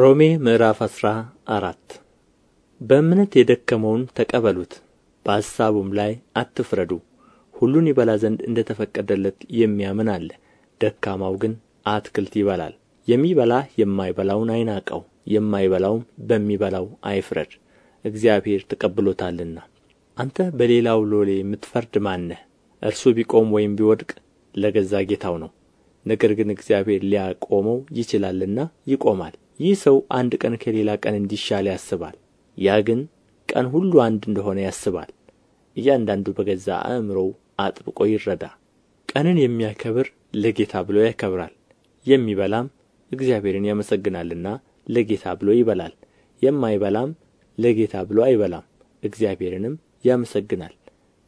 ሮሜ ምዕራፍ አስራ አራት በእምነት የደከመውን ተቀበሉት በሐሳቡም ላይ አትፍረዱ ሁሉን ይበላ ዘንድ እንደ ተፈቀደለት የሚያምን አለ ደካማው ግን አትክልት ይበላል የሚበላ የማይበላውን አይናቀው የማይበላውም በሚበላው አይፍረድ እግዚአብሔር ተቀብሎታልና አንተ በሌላው ሎሌ የምትፈርድ ማነህ እርሱ ቢቆም ወይም ቢወድቅ ለገዛ ጌታው ነው ነገር ግን እግዚአብሔር ሊያቆመው ይችላልና ይቆማል ይህ ሰው አንድ ቀን ከሌላ ቀን እንዲሻል ያስባል ያ ግን ቀን ሁሉ አንድ እንደሆነ ያስባል እያንዳንዱ በገዛ አእምሮው አጥብቆ ይረዳ ቀንን የሚያከብር ለጌታ ብሎ ያከብራል የሚበላም እግዚአብሔርን ያመሰግናልና ለጌታ ብሎ ይበላል የማይበላም ለጌታ ብሎ አይበላም እግዚአብሔርንም ያመሰግናል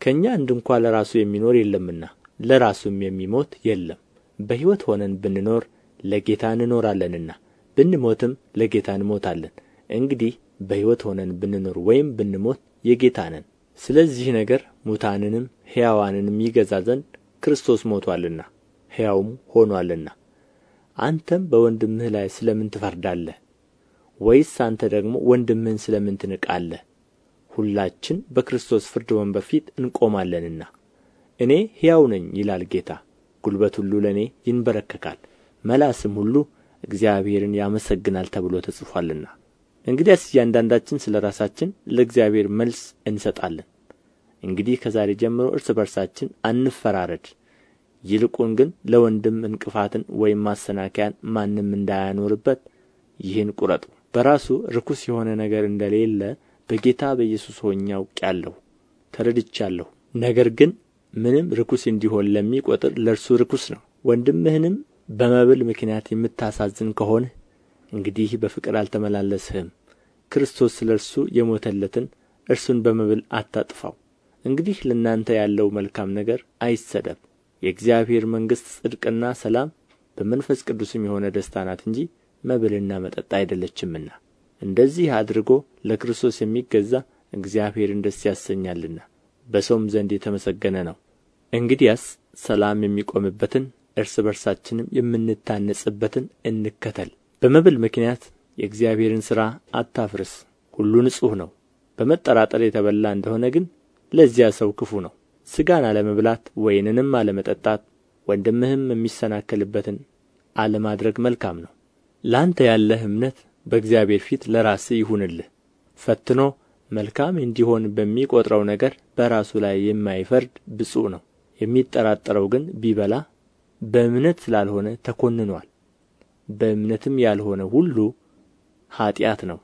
ከእኛ አንድ እንኳ ለራሱ የሚኖር የለምና ለራሱም የሚሞት የለም በሕይወት ሆነን ብንኖር ለጌታ እንኖራለንና ብንሞትም ለጌታ እንሞታለን እንግዲህ በሕይወት ሆነን ብንኖር ወይም ብንሞት የጌታ ነን ስለዚህ ነገር ሙታንንም ሕያዋንንም ይገዛ ዘንድ ክርስቶስ ሞቶአልና ሕያውም ሆኖአልና አንተም በወንድምህ ላይ ስለ ምን ትፈርዳለህ ወይስ አንተ ደግሞ ወንድምህን ስለ ምን ትንቃለህ ሁላችን በክርስቶስ ፍርድ ወንበር ፊት እንቆማለንና እኔ ሕያው ነኝ ይላል ጌታ ጉልበት ሁሉ ለእኔ ይንበረከካል መላስም ሁሉ እግዚአብሔርን ያመሰግናል ተብሎ ተጽፏልና እንግዲያስ እያንዳንዳችን ስለ ራሳችን ለእግዚአብሔር መልስ እንሰጣለን እንግዲህ ከዛሬ ጀምሮ እርስ በርሳችን አንፈራረድ ይልቁን ግን ለወንድም እንቅፋትን ወይም ማሰናከያን ማንም እንዳያኖርበት ይህን ቁረጡ በራሱ ርኩስ የሆነ ነገር እንደሌለ በጌታ በኢየሱስ ሆኜ አውቄአለሁ ተረድቻለሁ ነገር ግን ምንም ርኩስ እንዲሆን ለሚቆጥር ለእርሱ ርኩስ ነው ወንድምህንም በመብል ምክንያት የምታሳዝን ከሆንህ እንግዲህ በፍቅር አልተመላለስህም ክርስቶስ ስለ እርሱ የሞተለትን እርሱን በመብል አታጥፋው እንግዲህ ለእናንተ ያለው መልካም ነገር አይሰደብ የእግዚአብሔር መንግሥት ጽድቅና ሰላም በመንፈስ ቅዱስም የሆነ ደስታ ናት እንጂ መብልና መጠጥ አይደለችምና እንደዚህ አድርጎ ለክርስቶስ የሚገዛ እግዚአብሔርን ደስ ያሰኛልና በሰውም ዘንድ የተመሰገነ ነው እንግዲያስ ሰላም የሚቆምበትን እርስ በርሳችንም የምንታነጽበትን እንከተል በመብል ምክንያት የእግዚአብሔርን ሥራ አታፍርስ ሁሉ ንጹሕ ነው በመጠራጠር የተበላ እንደሆነ ግን ለዚያ ሰው ክፉ ነው ሥጋን አለመብላት ወይንንም አለመጠጣት ወንድምህም የሚሰናከልበትን አለማድረግ መልካም ነው ለአንተ ያለህ እምነት በእግዚአብሔር ፊት ለራስህ ይሁንልህ ፈትኖ መልካም እንዲሆን በሚቆጥረው ነገር በራሱ ላይ የማይፈርድ ብፁዕ ነው የሚጠራጠረው ግን ቢበላ በእምነት ስላልሆነ ተኮንኗል በእምነትም ያልሆነ ሁሉ ኃጢአት ነው